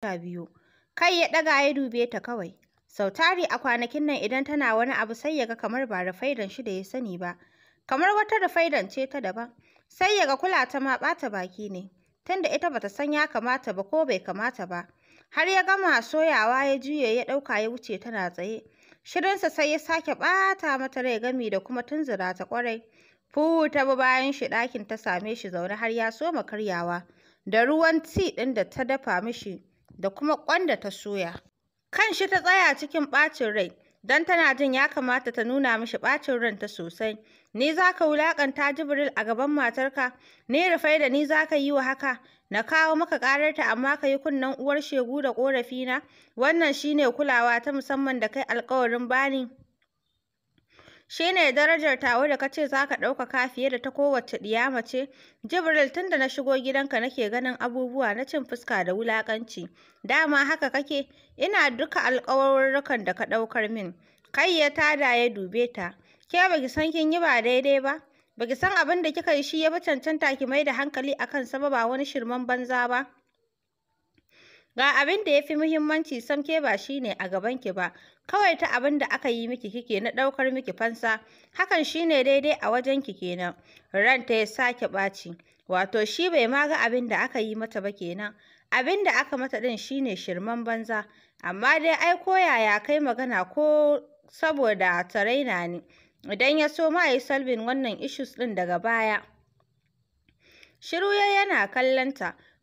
biyo Kai ya ɗaga ya dube ta kawai. Sau tari a kwanakin nan idan tana wani abu sai ya ga kamar ba rufaidan shi da ya sani ba. Kamar wata rufaidan ce ta daban. Sai ya ga kula ta ma ɓata baki ne. Tunda ita bata san ya kamata ba ko bai kamata ba. Har ya gama soyawa ya juye ya ɗauka ya wuce tana tsaye. Shirinsa sai ya sake ɓata mata rai gami da kuma tunzura ta ƙwarai. Fuhu ta bi bayan shi ɗakin ta same shi zaune har ya soma karyawa. Da ruwan ti ɗin da ta dafa mishi. da kuma ƙwan da ta soya. Kan shi ta tsaya cikin ɓacin rai, don tana jin ya kamata ta nuna mishi ɓacin ranta sosai. Ni za ka wulaƙanta Jibril a gaban matarka, ni rufai da ni za ka yi wa haka, na kawo maka ƙararta amma ka yi kunnen uwar shegu da ƙorafina, wannan shi ne kulawa ta musamman da kai alƙawarin bani. Shi ne darajar tawa da kace za ka ɗaukaka fiye da ta kowace ɗiya mace? Jibril tun da na shigo gidanka nake ganin abubuwa na cin fuska da wulaƙanci. Dama haka kake? Ina duka alƙawarurrukan da ka ɗaukar min. Kai ya tada ya dube ta. Ke ba ki san kin yi ba daidai ba? Ba ki san abin da kika yi shi ya bi cancanta ki mai da hankali a kansa ba ba wani shirman banza ba? Ga abin da ya fi muhimmanci sam ke ba shi ne a ki ba, kawai ta abin da aka yi miki kike na ɗaukar miki fansa hakan shine daidai a wajen ki kenan ranta ya sake ɓaci wato shi bai ma ga abin da aka yi mata ba kenan abin da aka mata ɗin shine shirman banza amma dai ai ko yaya kai magana ko saboda ta raina ne idan ya so ma yi salbin wannan ishus ɗin daga baya shiru yana kallon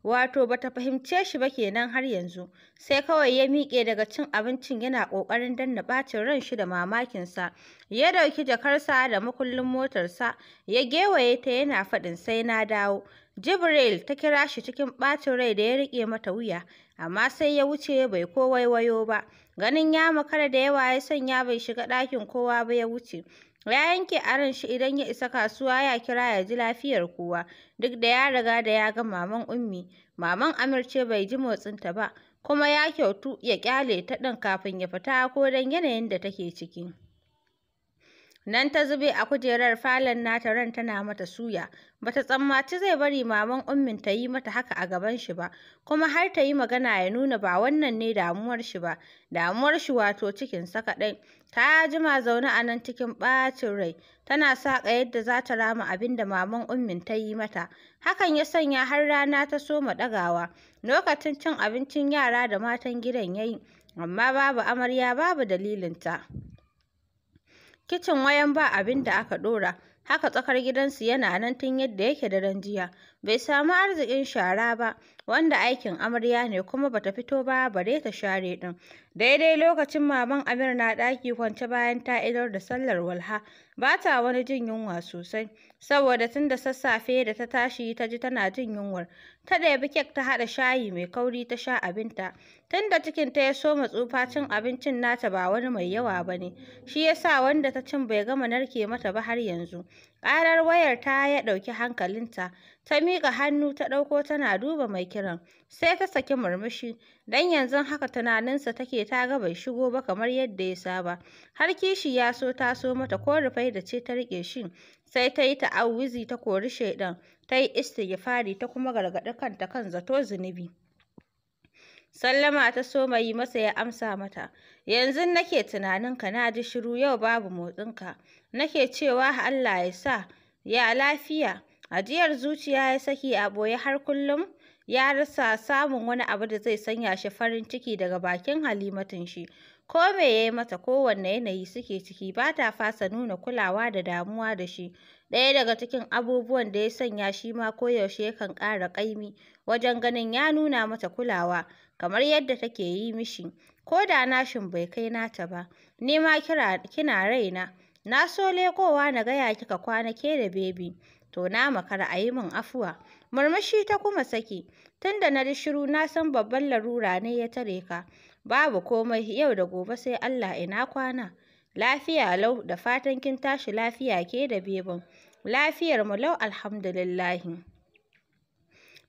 wato bata fahimce shi ba kenan har yanzu sai kawai ya miƙe daga cin abincin yana ƙoƙarin danna ɓacin ran shi da mamakinsa ya ɗauki jakarsa da makullin motarsa ya gewaye ta yana faɗin sai na dawo jibril ta kira shi cikin ɓacin rai da ya riƙe mata wuya amma sai ya wuce bai ko waiwayo ba ganin ya makara da yawa ya sanya bai shiga ɗakin kowa ba ya wuce Ya yanke aron shi idan ya isa kasuwa ya kira ya ji lafiyar kowa, duk da ya riga da ya ga maman Ummi. Maman Amir ce bai ji motsin ta ba, kuma ya kyautu ya ƙyale ta ɗin kafin ya fita ko don yanayin da take ciki. Nan ta zube a kujerar falon nata ran tana mata suya. Bata tsammaci zai bari maman ummin ta yi mata haka a gaban shi ba, kuma har ta yi magana ya nuna ba wannan ne damuwar shi ba, damuwar shi wato cikinsa kaɗai. Ta jima zaune a nan cikin ɓacin rai, tana saƙa yadda za ta rama abin da maman ummin ta yi mata. Hakan ya sanya har rana ta soma ɗagawa, lokacin cin abincin yara da matan gidan yayi amma babu amarya babu dalilinta. Kicin wayan ba abin da aka ɗora, haka tsakar gidansu yana nan tun yadda yake daren jiya. bai samu arzikin shara ba wanda aikin amarya ne kuma bata fito ba bare ta share din daidai lokacin maman Amir na daki kwance bayan ta idar da sallar walha bata wani jin yunwa sosai saboda tun da sassafe da ta tashi ta ji tana jin yunwar ta ɗabi kek ta haɗa shayi mai kauri ta sha abinta Tunda da ta ya soma tsufa cin abincin nata ba wani mai yawa ba ne shi yasa wanda ta cin bai gama narke mata ba har yanzu ƙarar wayar ta ya ɗauki hankalinta ta miƙa hannu ta ɗauko tana duba mai kiran sai ta saki murmushi dan yanzu haka tunaninsa take ta ga bai shigo ba kamar yadda ya saba har kishi ya so ta so mata ko rufai da ce ta riƙe shi sai ta yi ta'awuzi ta kori shaidan ta yi istighfari ta kuma gargaɗi kanta kan zato zunubi sallama ta so yi masa ya amsa mata yanzu nake tunaninka na ji shiru yau babu motsinka nake cewa Allah ya sa ya lafiya Ajiyar zuciya ya saki a ɓoye har kullum ya rasa samun wani abu da zai sanya shi farin ciki daga bakin Halimatun shi. Ko me ya yi mata kowanne yanayi suke ciki ba ta fasa nuna kulawa da damuwa da shi. Ɗaya daga cikin abubuwan da ya sanya shi ma koyaushe yakan ƙara ƙaimi wajen ganin ya nuna mata kulawa kamar yadda take yi mishi. Ko da nashin bai kai nata ba, ni ma kina raina. Na so leƙowa na gaya kika kwana ke da bebi. to na makara a yi min afuwa murmushi ta kuma saki tunda na ji shiru na san babban larura ne ya tare ka babu komai yau da gobe sai Allah ina kwana lafiya lau da fatan kin tashi lafiya ke da beban lafiyar mu lau alhamdulillahi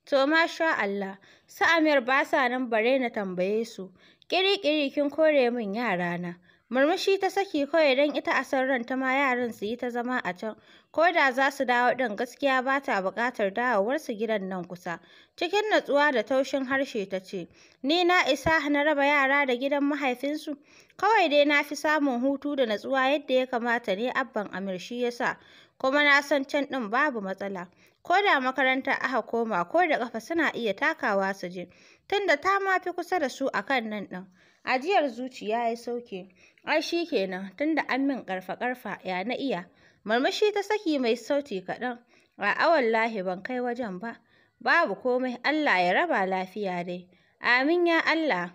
to masha Allah sa Amir ba sa nan bare na tambaye su ƙiri kin kore min yarana. Murmushi ta saki kawai don ita a san ranta ma yaran su yi ta zama a can. Ko da za su dawo ɗin gaskiya ba ta buƙatar dawowarsu gidan nan kusa. Cikin natsuwa da taushin harshe ta ce, Ni na isa na raba yara da gidan mahaifinsu. Kawai dai na fi samun hutu da natsuwa yadda ya kamata ne abban Amir shi ya sa. Kuma na san can ɗin babu matsala. Ko da makaranta aka koma ko da ƙafa suna iya takawa su je. tunda ta ma fi kusa da su a kan nan ɗin. Ajiyar zuciya ya sauke. Ai shi kenan tunda an min ƙarfa-ƙarfa ya na iya. Marmashi ta saki mai sauti kaɗan. A lahi ban kai wajen ba. Babu komai Allah ya raba lafiya dai. Amin ya Allah.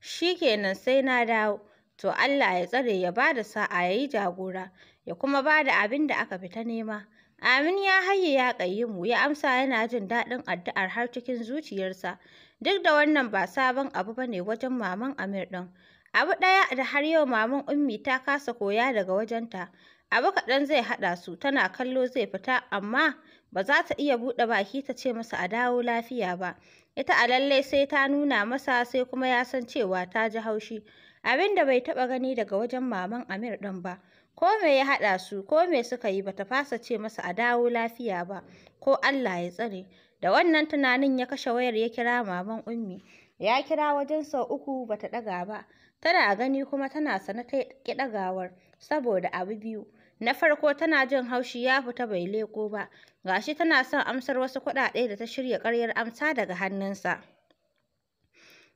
Shi kenan sai na dawo. To Allah ya tsare ya ba da sa'a ya yi jagora ya kuma ba da abin da aka fita nema. Amin ya haye ya ƙayyimu ya amsa yana jin daɗin addu'ar har cikin zuciyarsa. Duk da wannan ba sabon abu ba ne wajen maman Amir ɗin. Abu ɗaya da har yau maman Ummi ta kasa koya daga wajenta. Abu kaɗan zai haɗa su tana kallo zai fita amma ba za ta iya buɗe baki ta ce masa a dawo lafiya ba. Ita a lalle sai ta nuna masa sai kuma ya san cewa ta ji haushi. Abin da bai taɓa gani daga wajen maman Amir ɗin ba. ko me ya haɗa su ko me suka yi bata fasa ce masa a dawo lafiya ba ko Allah ya tsare da wannan tunanin ya kashe wayar ya kira maman ummi ya kira wajen sau uku bata ɗaga ba tana gani kuma tana sana ta ƙi ɗagawar saboda abu biyu na farko tana jin haushi ya fita bai leko ba gashi tana son amsar wasu kuɗaɗe da ta shirya ƙaryar amsa daga hannunsa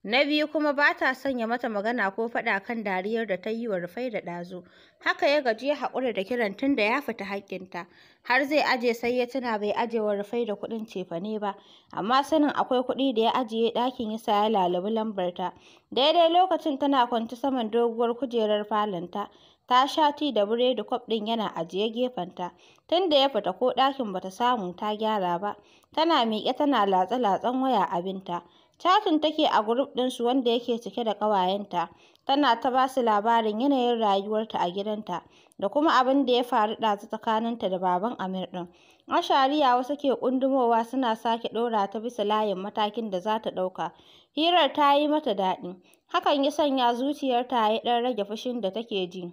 Na biyu kuma ba ta sanya mata magana ko faɗa kan dariyar da ta yi wa Rufai da ɗazu. Haka ya gaji ya haƙura da kiran tun da ya fita haƙƙinta. Har zai aje sai ya tuna bai aje wa Rufai da kuɗin cefane ba. Amma sanin akwai kuɗi da ya ajiye ɗakin ya sa ya lalubi lambarta. Daidai lokacin tana kwanci saman doguwar kujerar falonta. ta sha ti da biredi kwaf ɗin yana ajiye gefenta tunda ya fita ko ɗakin bata samu ta gyara ba tana miƙe tana latsa-latsan waya abinta Chatin take a group ɗinsu wanda yake cike da ƙawayenta. Tana ta ba su labarin yanayin rayuwarta a gidanta da kuma abin da ya faru ɗazu tsakaninta da baban Amir ɗin. Ashariya wasu ke ƙundumowa suna sake ɗora ta bisa layin matakin da za ta ɗauka. Hirar ta yi mata daɗi. Hakan ya sanya zuciyarta ya ɗan rage fushin da take ji.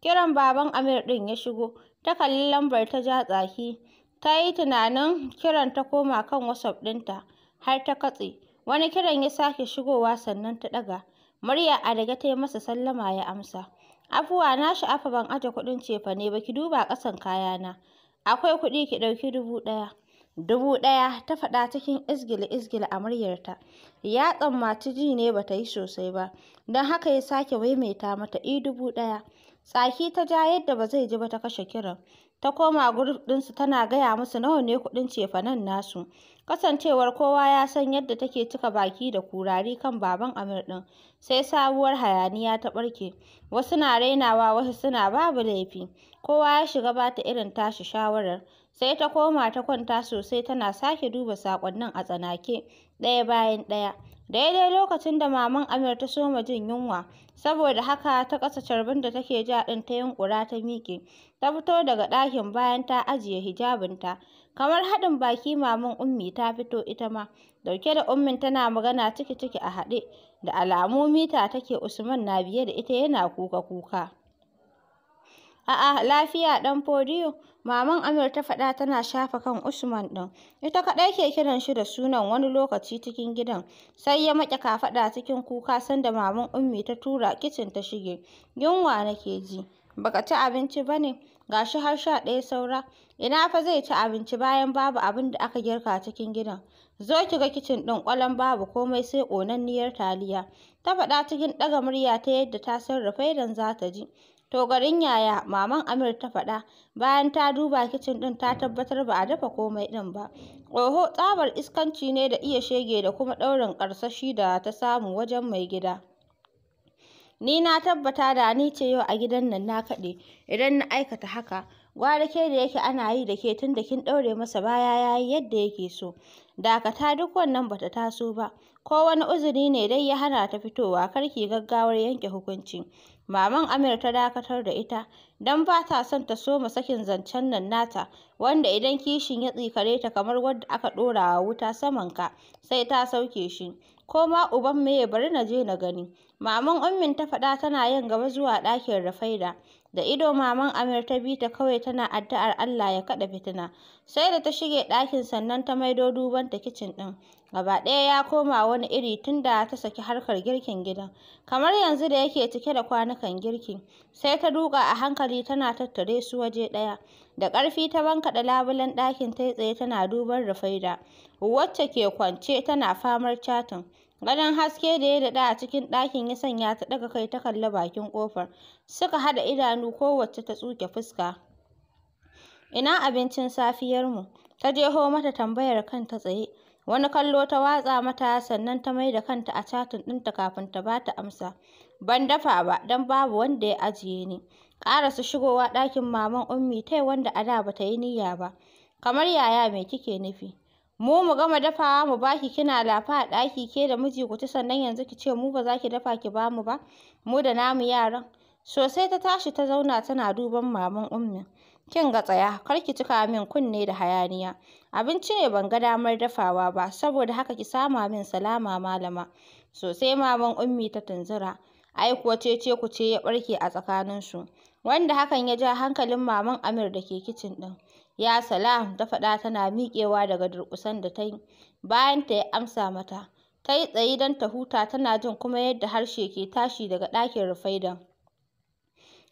Kiran baban Amir ɗin ya shigo. Ta kalli lambar ta ja tsaki. Ta yi tunanin kiran ta koma kan WhatsApp ɗinta. har ta katse. Wani kiran ya sake shigowa sannan ta ɗaga. Murya a daga ta yi masa sallama ya amsa. Afuwa na afa ban aje kuɗin cefane ba ki duba ƙasan kayana. Akwai kuɗi ki ɗauki dubu ɗaya. Dubu ɗaya ta faɗa cikin izgil-izgil a ta Ya tsammaci ji ne ba ta yi sosai ba, don haka ya sake maimaita mata i dubu ɗaya. Tsaki ta ja yadda ba zai ji ba ta kashe kiran. Ta koma guruf ɗinsu tana gaya musu nawa ne kuɗin cefanen nasu. Kasancewar kowa ya san yadda take cika baki da kurari kan Baban Amir ɗin, sai sabuwar hayaniya ta ɓarke. Wasu na rainawa, wasu suna babu laifi. Kowa ya shiga ba ta irin tashi shawarar. Sai ta koma ta kwanta sosai tana sake duba saƙonnin a tsanake, ɗaya bayan ɗaya. Daidai lokacin da Maman Amir ta soma jin yunwa, saboda haka ta kasa carbin da take ja ɗin ta yunƙura ta miƙe, ta fito daga ɗakin bayan ta ajiye hijabinta. Kamar haɗin baki maman Ummi ta fito ita ma, ɗauke da Ummin tana magana ciki-ciki a haɗe, da alamu mita take Usman na biye da ita yana kuka-kuka. A'a lafiya ɗan podiyo. maman Amir ta faɗa tana shafa kan Usman ɗin. Ita kaɗai ke kiran shi da sunan wani lokaci cikin gidan, sai ya maƙe kafaɗa cikin kuka sanda maman Ummi ta tura kicin ta shige. Yunwa nake ji, baka ci abinci ba ne? ga shi har sha ɗaya saura ina fa zai ci abinci bayan babu abin da aka girka cikin gidan zo ki ga kicin ɗin kwalon babu komai sai ƙonanniyar taliya ta faɗa cikin ɗaga murya ta yadda ta sarrafa idan za ta ji to garin yaya maman Amir ta faɗa bayan ta duba kicin ɗin ta tabbatar ba a dafa komai ɗin ba oho tsabar iskanci ne da iya shege da kuma ɗaurin ƙarsashi da ta samu wajen mai gida Ni na tabbata da ni ce yau a gidan nan na kaɗe idan na aikata haka. Gwara ke da yake ana yi da ke tun da kin ɗaure masa baya ya yi yadda yake so. Dakata duk wannan bata taso ba. Ko wani uzuri ne dai ya hana ta fitowa kar ki gaggawar yanke hukunci. maman Amir ta dakatar da ita don ba ta son ta soma sakin zancen nan nata wanda idan kishin ya tsikare ta kamar wadda aka ɗora wa wuta saman ka sai ta sauke shi ko ma uban ya bari na je na gani maman ummin ta faɗa tana yin gaba zuwa ɗakin rafaida Da ido maman Amir ta bi ta kawai tana addu'ar Allah ya kaɗa fitina. Sai da ta shige ɗakin sannan ta maido duban ta kicin ɗin. Gaba ɗaya ya koma wani iri tunda da ta saki harkar girkin gidan. Kamar yanzu da yake cike da kwanukan girki. Sai ta duka a hankali tana tattare su waje ɗaya. Da ƙarfi ta bankaɗe labulen ɗakin ta tsaye tana duban Rufaida. Wacce ke kwance tana famar catin. Gadon haske da ya daɗa a cikin ɗakin ya sanya ta ɗaga kai ta kalli bakin ƙofar. Suka haɗa idanu kowacce ta tsuke fuska. Ina abincin safiyarmu? Ta jeho mata tambayar kanta tsaye. Wani kallo ta watsa mata sannan ta mai da kanta a catin ɗinta kafin ta ba ta amsa. Ban dafa ba don babu wanda ya ajiye ni. su shigowa ɗakin maman Ummi tai wanda a da ba ta yi niyya ba. Kamar yaya me kike nufi? mu mu gama dafawa mu baki kina lafa a ɗaki ke da miji ku ci sannan yanzu ki ce mu ba za ki dafa ki bamu ba mu da namu yaran sosai ta tashi ta zauna tana duban maman ummin kin ga tsaya kar ki cika min kunne da hayaniya abinci ne ban ga damar dafawa ba saboda haka ki sama min salama malama sosai maman ummi ta tunzura ai kuwa ce ku ce ya barke a tsakaninsu wanda hakan ya ja hankalin maman Amir da ke kicin ɗin ya salam ta faɗa tana miƙewa daga durƙusan da ta yi bayan ta ya amsa mata ta yi tsaye don ta huta tana jin kuma yadda harshe ke tashi daga ɗakin rufaidan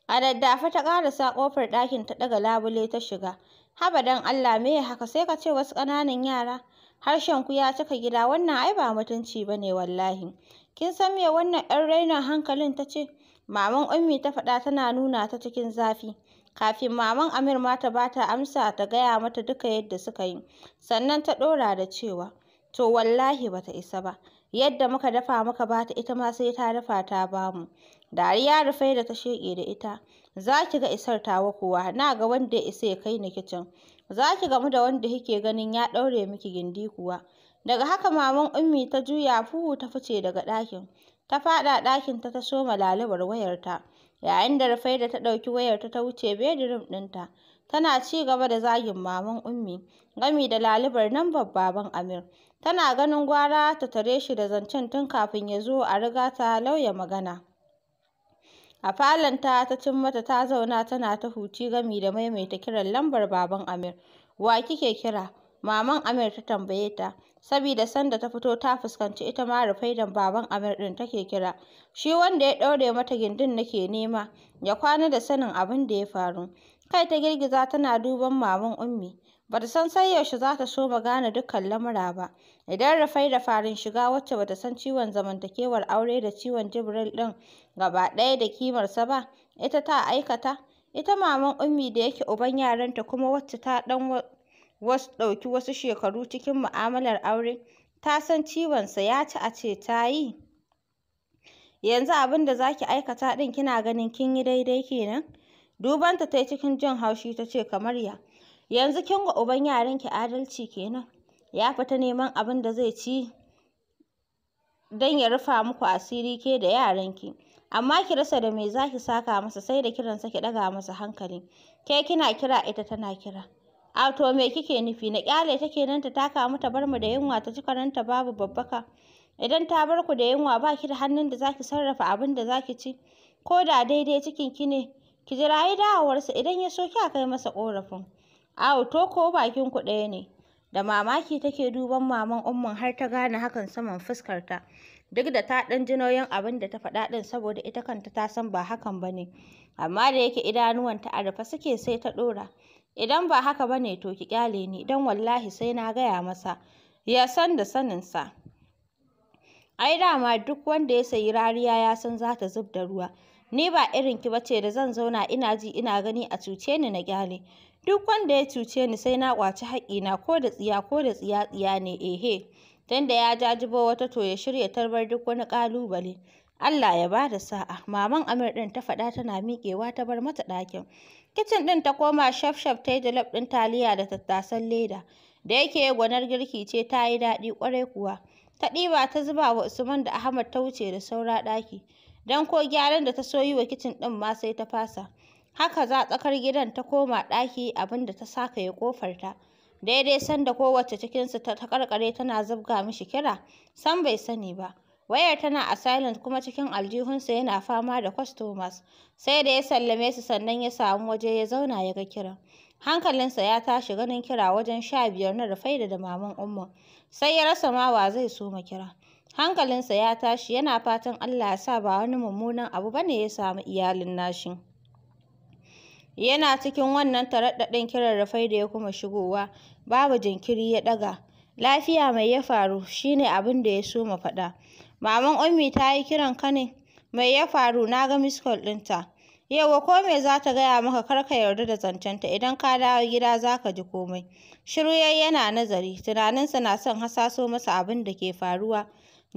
a daddafa ta ƙarasa ƙofar ɗakin ta ɗaga labule ta shiga haba don allah me haka sai ka ce wasu ƙananan yara harshen ku ya cika gida wannan ai ba mutunci ba ne wallahi kin san me wannan 'yan rainon hankalin ta ce maman ummi ta faɗa tana nuna ta cikin zafi kafin maman Amir ma ta bata amsa ta gaya mata duka yadda suka yi. Sannan ta ɗora da cewa, to wallahi bata isa ba, yadda muka dafa muka bata ita ma sai ta dafa ta bamu. Dariya rufai da ta sheƙe da ita, zaki ga isar tawa kuwa, na ga wanda ya isa ya kai ni kicin. zaki ki gamu da wanda kike ganin ya daure miki gindi kuwa. Daga haka maman Ummi ta juya fuhu ta fice daga ɗakin. Ta faɗa ɗakinta ta ta soma lalubar wayarta. yayin da Rufaida ta ɗauki wayarta ta wuce bedroom ɗinta. Tana ci gaba da zagin maman Ummi gami da lalubar lambar baban Amir. Tana ganin gwara ta tare shi da zancen tun kafin ya zo a riga ta lauya magana. A falonta ta cin mata ta zauna tana ta huci gami da maimaita kiran lambar baban Amir. Wa kike kira? Maman Amir ta tambaye ta. saboda sanda ta fito ta fuskanci ita ma rufaidan baban Amir ɗin take kira. Shi wanda ya ɗaure mata gindin nake nema ya kwana da sanin abin da ya faru. Kai ta girgiza tana duban maman Ummi. Ba ta san sai yaushe za ta so ba gane dukkan lamura ba. Idan rufai da farin shiga wacce ba ta san ciwon zamantakewar aure da ciwon Jibril din gaba ɗaya da kimarsa ba, ita ta aikata. Ita maman Ummi da yake uban yaranta kuma wacce ta ɗan wasu ɗauki wasu shekaru cikin mu'amalar aure ta san sa ya ci a ce ta yi yanzu abin da za ki aikata ɗin kina ganin kin yi daidai kenan dubanta ta yi cikin jin haushi ta ce kamar ya yanzu kin ga uban yaranki adalci kenan ya fita neman abin da zai ci don ya rufa muku asiri ke da yaranki amma ki rasa da me za ki saka masa sai da kiransa ki ɗaga masa hankali ke kina kira ita tana kira A to me kike nufi na kyale ta kenan ta taka mu ta bar mu da yunwa ta ci karanta babu babbaka. Idan ta bar ku da yunwa ba ki da hannun da zaki sarrafa abin da zaki ci. Ko da daidai cikin ki ne ki yi dawowarsa idan ya so ki a kai masa korafin. a to ko bakin ku ɗaya ne. Da mamaki take duban maman umman har ta gane hakan saman fuskarta. Duk da ta ɗan ji nauyin abin da ta faɗa ɗin saboda ita kanta ta san ba hakan ba ne. Amma da yake idanuwanta a rufe suke sai ta ɗora. Idan ba haka ba ne to ki kyale ni don wallahi sai na gaya masa, ya san da saninsa. Ai dama duk wanda ya sayi rariya ya san za ta zub da ruwa. Ni ba irin ki bace da zan zauna ina ji ina gani a cuce ni na kyale. Duk wanda ya cuce ni sai na kwaci ƙwaci na ko da tsiya ko da tsiya tsiya ne ehe. da ya jajibo wata to ya shirya tarbar duk wani ƙalubale. Allah ya bada sa'a, maman Amir ɗin ta faɗa tana miƙewa ta bar mata ɗakin. Kicin ɗin ta koma shaf-shaf ta yi jalof ɗin taliya da tattasan leda. Da yake gwanar girki ce ta yi daɗi ƙwarai kuwa. Ta ɗiba ta zuba wa Usman da Ahmad ta wuce da saura ɗaki. Don ko gyaran da ta so yi wa kicin ɗin ma sai ta fasa. Haka za tsakar gidan ta koma ɗaki abin da ta ya ƙofar ta. Daidai sanda kowace cikinsu ta karkare tana zubga mishi kira, sam bai sani ba. Wayar tana a silent kuma cikin aljihunsa yana fama da customers. Sai da ya sallame su sannan ya samu waje ya zauna ya ga kiran. Hankalinsa ya tashi ganin kira wajen sha biyar na Rufaida da maman Umma. Sai ya rasa ma wa zai so ma kira. Hankalinsa ya tashi yana fatan Allah ya sa ba wani mummunan abu bane ya samu iyalin nashi. Yana cikin wannan taraɗaɗin kiran da ya kuma shigowa. Babu jinkiri ya ɗaga. Lafiya mai ya faru shine abin da ya so ma faɗa. Maman Ummi ta yi kiran ka ne? Me ya faru? Na ga miss call ɗinta. Yauwa ko me za ta gaya maka kar ka yarda da zancenta idan ka dawo gida za ka ji komai. Shiru yana nazari, tunaninsa na son hasaso masa abin da ke faruwa.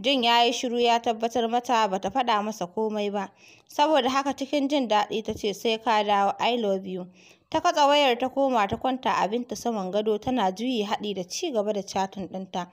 Jin ya yi shiru ya tabbatar mata ba ta faɗa masa komai ba, saboda haka cikin jin daɗi ta ce sai ka dawo I love you. Ta katse wayar ta koma ta kwanta abinta saman gado tana juyi haɗi da ci gaba da catin ɗinta.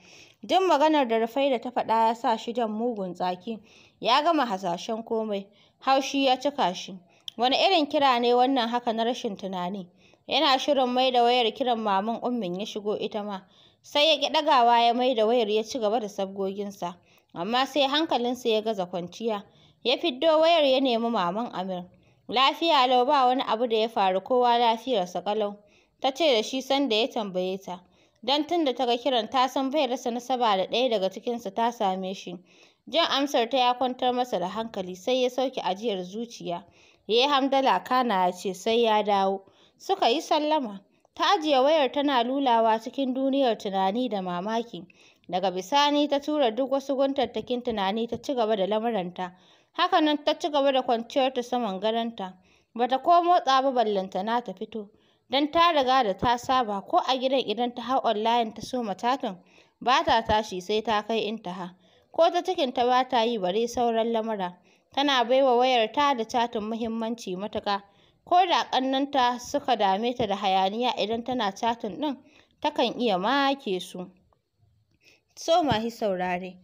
Jin maganar da rufai da ta faɗa ya sa shi jan mugun tsaki. Ya gama hasashen komai. Haushi ya cika shi. Wani irin kira ne wannan haka na rashin tunani? Yana shirin mai da wayar kiran maman ummin ya shigo ita ma. Sai ya ƙi ɗagawa ya mai da wayar ya ci gaba da sabgoginsa. Amma sai hankalinsa ya gaza kwanciya. Ya fiddo wayar ya nemi maman Amir. Lafiya lau ba wani abu da ya faru kowa lafiyarsa ƙalau, ta ce da shi sanda ya tambaye ta. Don tun da ta ga kiran ta san bai rasa nasaba da ɗaya daga cikinsu ta same shi. jan amsar ta ya kwantar masa da hankali sai ya sauke ajiyar zuciya. Ya yi hamdala kana ya ce sai ya dawo. Suka yi sallama. Ta ajiye wayar tana lulawa cikin duniyar tunani da mamaki. Daga bisani ta tura duk wasu guntattakin tunani ta ci gaba da lamuranta. Haka nan ta ci gaba da kwanciyar ta saman gadonta. Ba ta ko motsa ba ballantana ta fito. Don ta riga da ta saba ko a gidan idan ta hau online ta soma catin, ba ta tashi sai ta kai intaha. Ko ta cikinta ba ta yi bare sauran lamura. Tana baiwa wayarta da catin muhimmanci matuka, Ko da ƙannenta suka dame ta da hayaniya idan tana catin ɗin takan iya make su. So saurare.